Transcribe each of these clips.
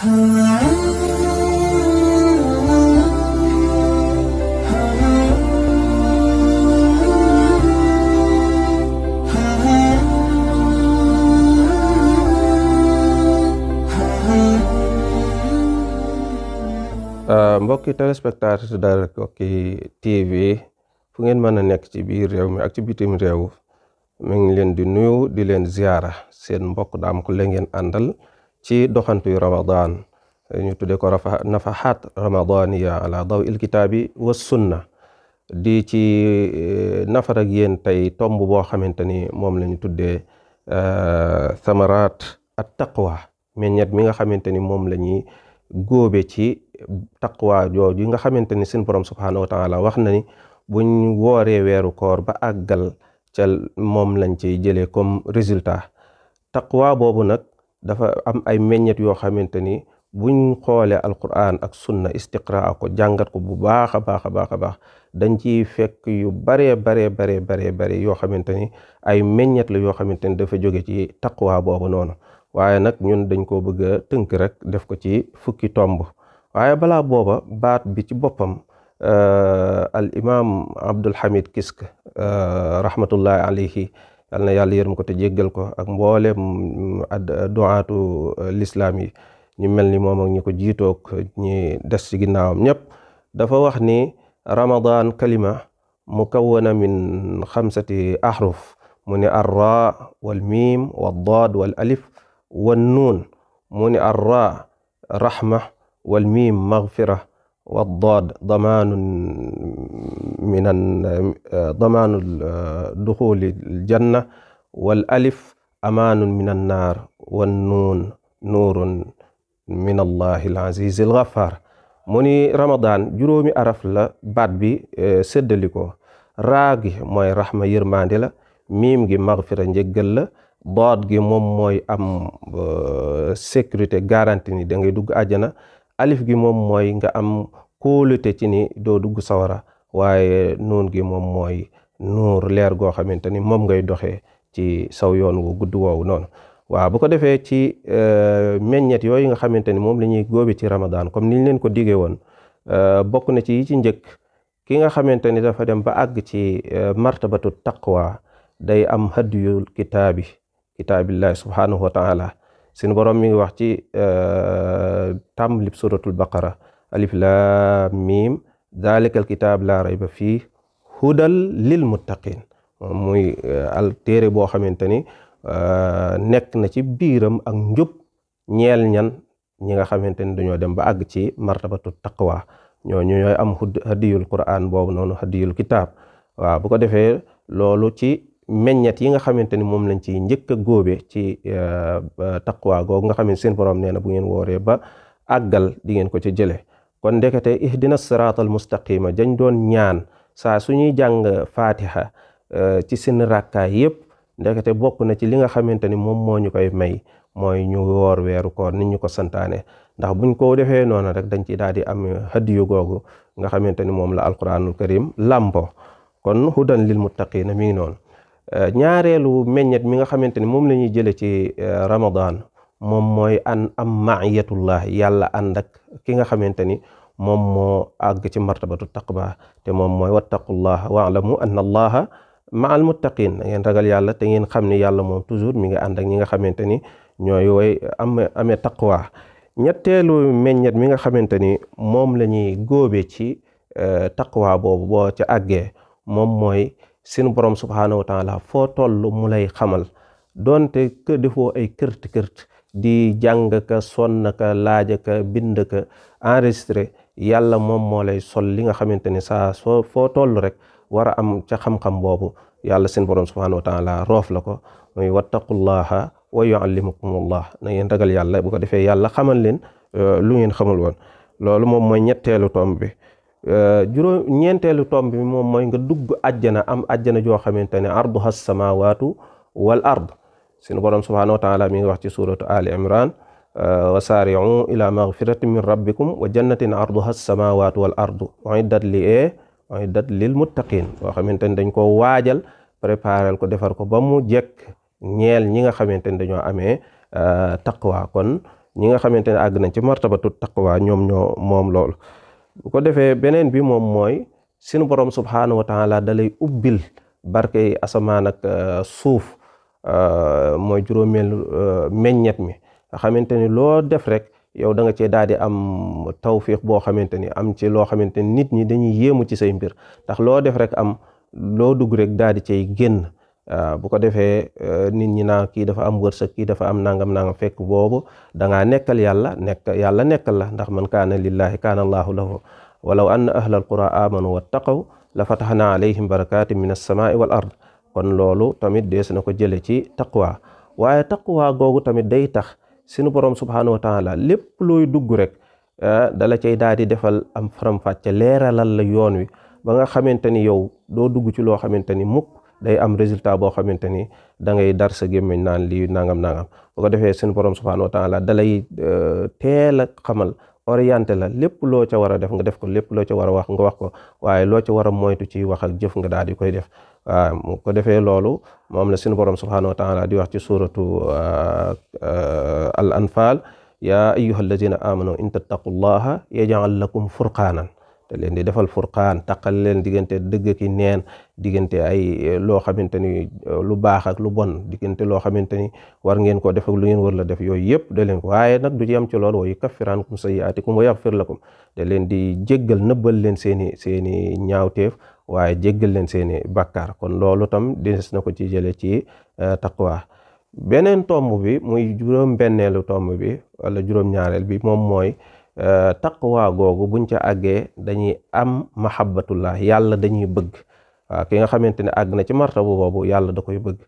Euh, mbokki téléspectateur Daara Koki TV fu ngeen mën a nekk ci biir réew mi ak ci bitim réew mi ngi leen di nuyu di leen ziyaara seen mbokk daam ko la ngeen àndal ci doxantuy ramadan ñu tuddee ko rafa nafahat ramadaniya ala daw il kitaabi wa sunna di ci eh, nafar ak yéen tey tomb boo xamante ni moom la ñu tuddee samarat eh, at taqwa meññet mi nga xamante ni moom la ñuy góobe ci taqwa jooju nga xamante ni seen borom subhaanahu wa taala wax na ni buñ wooree weeru koor ba àggal ca moom lañ ciy jëlee comme résultat taqwa boobu nag dafa am ay meññet yoo xamante ni buñ xoolee Alqur'an ak sunna istiqraa ko jàngat ko bu baax a baax a baax a baax dañ ci fekk yu baree baree baree baree baree yoo xamante ni ay meññet la yoo xamante ni dafa jóge ci taqwa boobu noonu waaye nag ñun dañ koo bëgg a tënk rek def ko ci fukki tomb waaye balaa booba baat bi ci boppam euh, al imaam Abdul Hamid Kisk euh, rahmatullahi alayhi yal na yàlla yërëm ko te jéggal ko ak mboolem mm, duwaatu uh, lislaam yi ñu mel ni moom ak ñi ko jiitoog ñi des ci ginnaawam ñëpp dafa wax ni ramadan kalima mukawana min xamsati ahruf mu ni arra wal miim wal daad wal alif wal nuun mu ni arra rahma wal miim maghfira والضاد ضمان من ضمان دخول الجنة والألف أمان من النار والنون نور min allah al-aziz al-ghaffar mu ni ramadan juróomi araf la baat bi e, séddali ko raa gi mooy raxma yërmande la gi magfira njëggal la boot gi moom mooy am e, sécurité garantie ni da ngay dugg àjjana alif gi moom mooy nga am kóolute ci ni doo dugg sawara waaye nuun gi moom mooy nuur leer goo xamante ni moom ngay doxee ci saw yoon wu gudd woowu noonu waaw bu ko defee ci euh, meññet yooyu nga xamante ni moom la ñuy góobe ci Ramadan comme niñ leen ko dige woon euh, bokk na ci yi ci njëkk ki nga xamante ni dafa dem ba àgg ci euh, martabatu taqwa day am hadiyul kitaabi kitaabillahi subhanahu wa taala suñu boroom mi ngi wax ci euh, tàmbalib suratul baqara alif laam miim dalikal kitaab laa rayba fii hudal lil muttaqin muy euh, al téere boo xamante ni euh, nekk na ci biiram ak njub ñeel ñan ñi nga xamante ni dañoo dem ba àgg ci martabatu taqwa ñoo ñu ñooy am hadiyul quraan boobu noonu hadiyul kitaab waaw bu defee loolu ci meññet yi nga xamante ni moom lañ ci njëkk a góobe ci euh, euh, taqwa googu nga xam ne seen borom nee na bu ngeen wooree ba àggal di ngeen ko ci jëlee kon ndekete ihdina siraatal mustaqima dañ doon ñaan saa suñuy jàng faatiha euh, ci seen rakkaay yëpp ndekete bokk na ci li nga xamante ni moom moo ñu koy may mooy ñu woor weeru koor nit ñu ko santaane ndax buñ ko defee noonu rek dañ ci daal di am hadiyu googu nga xamante ni moom la alquranul karim làmbo kon hudan lil muttaqina mi ngi noonu Euh, ñaareelu meññet mi nga xamante ni moom la ñuy jëlee ci euh, Ramadan moom mooy an am maiyatullah yàlla ànd ak ki nga xamante ni moom moo àgg ci martabatu taqwa te moom mooy wattaqullaha waalamu anna allaha maal muttaqin na ngeen ragal yàlla te ngeen xam ni yàlla moom toujours mi ngi ànd ak ñi nga xamante ni ñooy woy am taqwa ñetteelu meññet mi nga xamante ni moom la ñuy góobe ci euh, taqwa boobu boo ca àggee moom mooy seen borom subhaanahu wa taala foo toll mu lay xamal doonte que defoo ay kërt kërt di jàng ka sonn ka laaj ka bind ka enregistré yàlla moom moo lay sol li nga xamante ni saa soo foo toll rek war a am ca xam-xam boobu yàlla seen borom subhaanahu wa taala roof la ko muy wattaqullaha wa yuallimukumullah na ngeen ragal yàlla bu ko defee yàlla xamal leen euh, lu ngeen xamul woon loolu moom mooy ñetteelu tomb bi Euh, juróom ñeenteelu tomb bi moom mooy nga dugg ajjana am ajjana joo xamante ne arduha samawatu wal ard sunu borom subhanahu wa taala mi ngi wax ci suratu ali imran euh, wa saari'u ila maghfiratin min rabbikum wa jannatin arduha samawatu wal ardu uiddat li e uiddat lil muttaqin yoo xamante ne dañ ko waajal préparel ko defar ko ba mu jekk ñeel ñi nga xamante ne dañoo amee euh, taqwa kon ñi nga xamante ne àgg nañ ci martabatu taqwa ñoom ñoo moom loolu bu ko defee beneen bi moom mooy sunu borom subhaanahu wa taala dalay ubbil barke asamaan ak euh, suuf euh, mooy juróomeel euh, meññet mi nga xamante ni loo def rek yow da nga cee daal di am tawfiq boo xamante ni am ci loo xamante ni nit ñi dañuy yéemu ci say mbir ndax loo def rek am loo dugg rek daal di cay génn Euh, bu ko defee euh, nin ñi naa kii dafa am wërsëg kii dafa am nangam nangam fekk boobu da ngaa nekkal yàlla nekk yàlla nekkal la ndax man kaana lillahi kaana allaahu lahu walaw anna ahla alqura amanu wattaqaw la fataxna alayhim barakatin min alsamaai wal ard kon loolu tamit dees na ko jële ci taqwa waaye taqwa googu tamit day tax sunu borom subhanahu wa taala lépp looy dugg rek euh, dala cay daal di defal am faram-fàcce leera la yoon wi ba nga xamante ni yow doo dugg ci loo xamante ni day am résultat boo xamante ni da ngay dar sa gémmiñ naan lii nangam nangam bu ko defee suñu borom subhaanahu wa taala dalay euh, teel a xamal orienté la lépp loo ca war a def nga def ko lépp loo ca war a wax nga wax ko waaye loo ca war a moytu ci wax ak jëf nga daal di koy def mu ko defee loolu moom la suñu borom subhaanahu wa taala di wax ci suratu euh, euh, al anfal ya ayyuha allazina amanu in tattaqullaha yaj'al lakum furqaanan te leen di defal furqaan taqal leen diggante dëgg ki neen diggante ay eh, loo xamante ni eh, lu baaxak lu bon diggante loo xamante ni war ngeen ko def ak lu ngeen war la def yooyu yëpp da leen ko waaye nag du ci am ci loolu wa yukaffiraankum sayyi'aatikum wa yaghfir lakum da leen di jéggal nëbbal leen seeni ñaaw ñaawteef waaye jéggal leen seeni bakkaar kon loolu tam des na ko ci jële ci eh, taqwa beneen tomb bi muy juróom benneelu tomb bi wala juróom ñaareel bi moom mooy Euh, taqwa googu buñ ca àggee dañuy am mahabbatullah yàlla dañuy bëgg waaw ki nga xamante ne àgg na ci martabu boobu yàlla da koy bëgg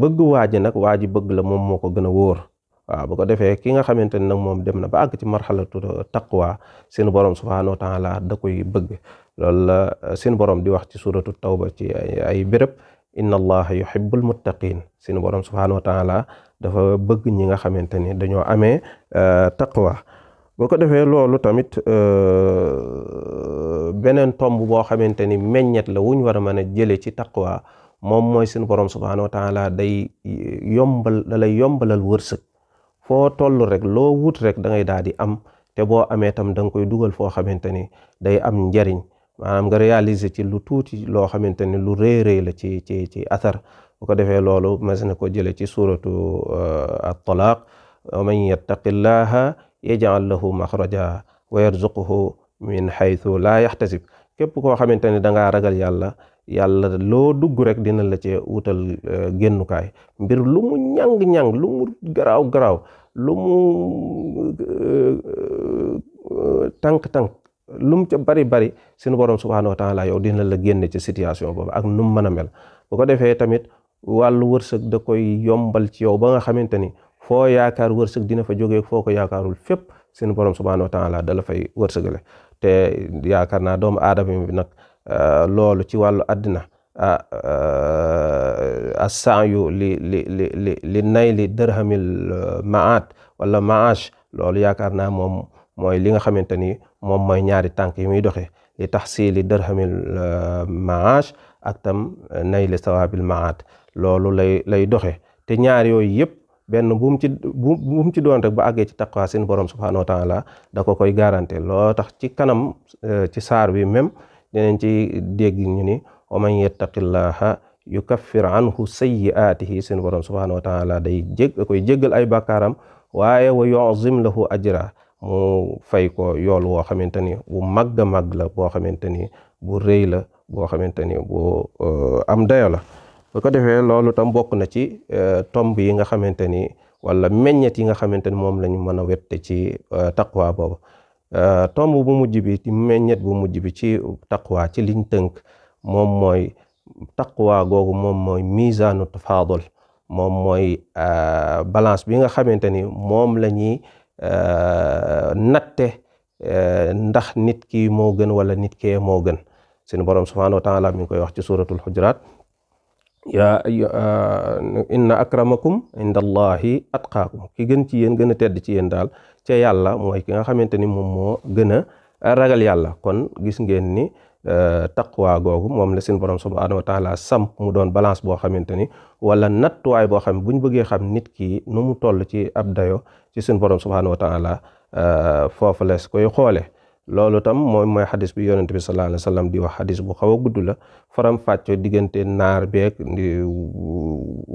bëgg waa ji nag waa ji bëgg la moom moo ko gën a wóor waaw bu ko defee ki nga xamante ne nag moom dem na ba àgg ci marxalatu taqwa seen borom subhaanahu wa taala da koy bëgg loolu la euh, seen borom di wax ci suratu tawba ci ay béréb inna allaha yuhibbul muttaqin seen borom subhaanahu wa taala dafa bëgg ñi nga xamante ni dañoo amee euh, taqwa boo ko defee loolu tamit euh, beneen tomb boo xamante ni meññet la wuñ war a mën a jële ci taqwa moom mooy seen borom subhaanahu wa taala day yombal da lay yombalal wërsëg foo toll rek loo wut rek dangay ngay daal di am te boo amee tam da nga koy dugal foo xamante ni day am njariñ maanaam nga réaliser ci lu tuuti loo xamante ni lu rëy rëy la ci ci ci athar bu ko defee loolu mas na ko jële ci suratu euh, at-talaq man yattaqillaha yaj'al lahu maxraja wa yarzuquhu min haythu laa yaxtasib képp koo xamante ne da ngaa ragal yàlla yàlla loo dugg rek dina la ci wutal euh, génnukaay mbir lu mu ñàng-ñàng lu mu garaaw garaaw lu mu euh, tànk-tànk lu ca bari bari sunu borom subhaanahu wa taala yow dina la génne ci situation boobu ak nu mu mën a mel bu ko tamit wal wërsëg da koy yombal ci yow ba nga xamante foo yaakaar wërsëg dina fa jógee foo ko yaakaarul fépp seen borom subhaanahu wa taala dala fay wërsëgale te yaakaar naa doomu aadama bi nag euh, loolu ci wàllu addina assaayu ah, euh, li li li li li nay li dërhamil euh, maat wala maash loolu yaakaar naa moom mooy li nga xamante ni moom mooy ñaari tànk yi muy doxee li tahsili dërhamil maash ak tam nay li sawaabil maat loolu lay lay doxe te ñaar yooyu yëpp benn bu ci bu mu ci doon rek ba àggee ci taqwa seen borom subhanahu wa da ko koy garanté loo tax ci kanam euh, ci saar bi même dinañ ci dégg ñu ni wa man yattaqillaha yukaffir anhu sayyi'atihi seen borom subhanahu wa taala day jég koy jéggal ay bàkkaaram waaye wa yu'zim lahu ajra mu fay ko yool woo xamante ni bu màgg a màgg la boo xamante ni bu rëy la boo xamante ni bu euh, am dayo bu defee loolu tam bokk na ci e, tomb yi nga xamante ni wala meññet yi nga xamante ni moom lañu mën a wette ci e, taqwa boobu e, tomb bu mujj bi ci meññet bu mujj bi ci taqwa ci liñ tënk moom mooy taqwa googu moom mooy misaanu tafaadul moom mooy balance bi nga xamante ni moom la ñuy natte ndax nit ki moo gën wala nit kee moo gën sunu borom subhaanahu wa taala mi ngi koy wax ci suuratul xujuraat yaa euh, inna akramakum inda allahi atqaakum ki gën ci yéen gën a tedd ci yéen daal cee yàlla mooy ki nga xamante ni moom moo gën a ragal yàlla kon gis ngeen ni euh, taqwa googu moom la seen borom subhanahu wa taala samp mu doon balance boo xamante ni wala nattuwaay boo xam bu ñu bëggee xam nit ki nu mu toll ci ab dayo ci seen borom subhanahu wa taala euh, foofu lees koy xoole loolu tam mooy mooy xadis bi yonent bi sallallahu alayhi wa di wax xadis bu xaw a gudd la faram fàcco diggante naar beeg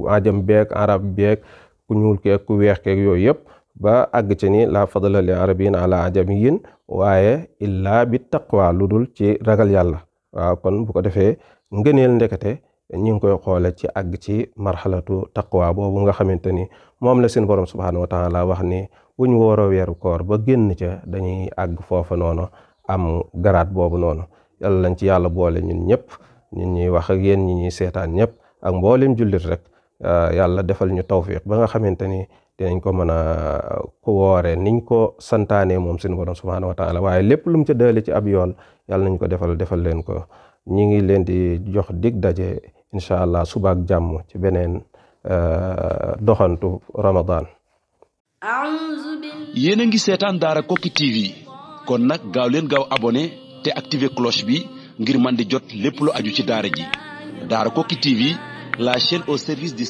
ajam beeg arab beeg ku ñuul keeg ku weex keeg yooyu yëpp ba àgg ci ni la fadla li arabiyin ala ajamiyin waaye illaa bi taqwa lu dul ci ragal yàlla waaw kon bu ko defee ngëneel ndekete ñi ngi koy xoole ci àgg ci marxalatu taqwa boobu nga xamante ni moom la seen borom subhanahu wa taala wax ni bu ñu wooroo weeru koor ba génn ca dañuy àgg foofa noonu am garaat boobu noonu yàlla lañ ci yàlla boole ñun ñëpp ñun ñuy wax ak yéen ñi ñuy seetaan ñëpp ak mboolem jullit rek ah, yàlla defal ñu tawfiq ba nga xamante ni dinañ ko mën a ko wooree niñ ko santaanee moom suñu borom subhaanahu wa taala waaye lépp lu mu ca daale ci ab yoon yàlla nañ ko defal defal leen ko ñi ngi leen di jox dig daje incha allah suba ak jàmm ci beneen ah, doxantu Ramadan. yéen a ngi seetaan daara Koki TV kon nag gaaw leen gaaw abonné te activer cloche bi ngir man di jot lépp lu aju ci daara ji daara Koki TV la chaîne au service du